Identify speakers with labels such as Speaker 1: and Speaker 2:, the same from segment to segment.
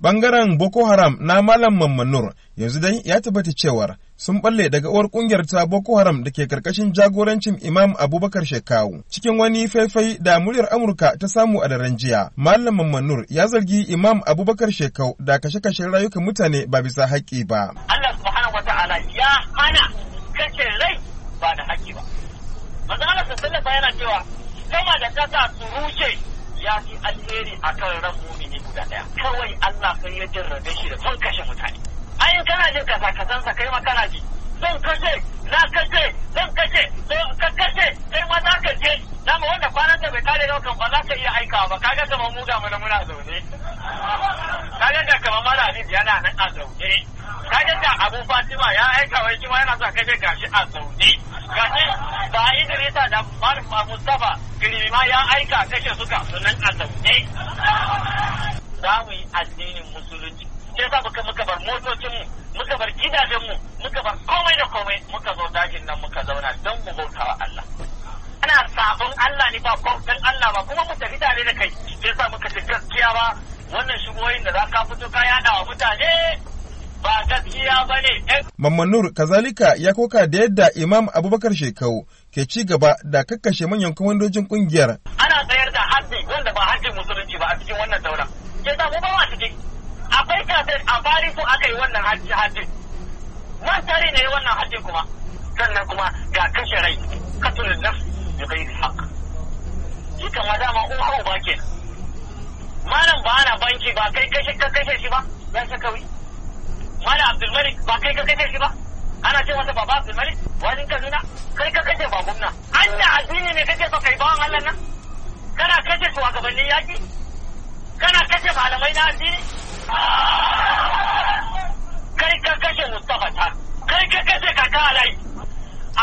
Speaker 1: Bangaren Boko Haram na Malam Mammanur yanzu dai ya tabbata cewar sun balle daga uwar kungiyar ta Boko Haram da ke karkashin jagorancin Imam Abubakar Shekau. Cikin wani faifai da muryar Amurka ta samu a daren jiya, Malam Mammanur ya zargi Imam Abubakar Shekau da kashe kashe rayukan mutane ba bisa haƙƙi ba. Allah subhanahu
Speaker 2: wa ta'ala ya hana kashe rai ba da haƙƙi ba. Maza Allah sallallahu yana cewa kama da kasa su rushe ya fi alheri akan rabu guda daya kawai Allah sai ya jarrabe shi da son kashe mutane ayin kana jin kasa kasan sa kai ma kana ji zan kashe na kashe zan kashe zan kashe kai ma za ka je na ma wanda kwanan da bai kare yau kan ba za ka iya aikawa ba kaga kamar mu ga mana muna zaune kaga da kamar mara yana nan a zaune kaga da abu fatima ya aika wai kuma yana sa kashe gashi a zaune gashi ba idrisa da mustafa kirima ya aika kashe suka sunan a zaune musulunci ke sa muka muka bar motocin mu muka bar gidajen mu muka bar komai da komai muka zo dajin nan muka zauna don mu bauta wa Allah ana sabon Allah ne ba bautan Allah ba kuma mu tafi tare da kai ke sa muka ci gaskiya ba wannan shugoyin da za ka fito ka yada wa mutane ba gaskiya ba ne. Eh,
Speaker 1: Mamman Nur kazalika ya koka da yadda Imam Abubakar Shekau ke ci gaba da kakkashe manyan kwamandojin kungiyar.
Speaker 2: Ana tsayar da haddi wanda ba haddin musulunci ba a cikin wannan daura Ke mu ba wa cikin akwai kafin a ko aka yi wannan hajji hajji man tare ne wannan hajji kuma sannan kuma ga kashe rai katon nafs da bai da haka shi kan ma dama un hau ba ke malam ba ana banki ba kai kashe ka kashe shi ba ya kawai malam abdulmalik ba kai ka kashe shi ba ana ce wata baba abdulmalik wani kaduna kai ka kashe ba gumna an na addini ne kake ba kai bawan allah nan kana kashe shugabannin yaki kana kashe malamai na addini kai ka kashe Mustapha ta kai ka kashe kaka alai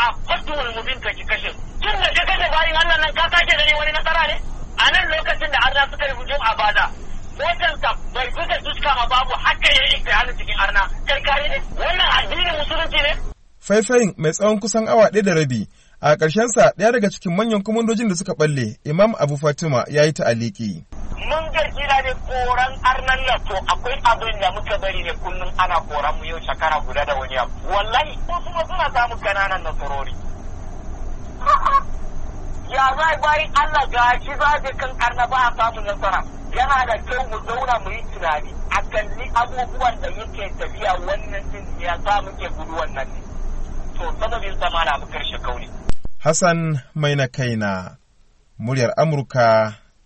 Speaker 2: a fatuwar mubin ka ki kashe tun da ka kashe bayan Allah nan ka kashe da wani nasara ne a nan lokacin da arna suka rubuto a bada motarsa bai fita duska ma babu haka ya yi hannun cikin arna kai kare ne wannan addinin musulunci ne
Speaker 1: faifayin mai tsawon kusan awa ɗaya da rabi a ƙarshen sa ɗaya daga cikin manyan kwamandojin da suka ɓalle imam abu fatima ya yi ta'aliki
Speaker 2: mun gaji ne koran arnan nan to akwai abin da muka bari ne kullum ana koran mu yau shekara guda da wani abu wallahi ko kuma suna samun kananan nasarori ya za bari Allah shi za ka kan arna ba a samu nasara yana da kyau mu zauna mu yi tunani a kalli abubuwan da yake tafiya wannan din ya sa muke gudu wannan ne to sababin zama na mu karshe kauli
Speaker 1: Hassan mai na muryar Amurka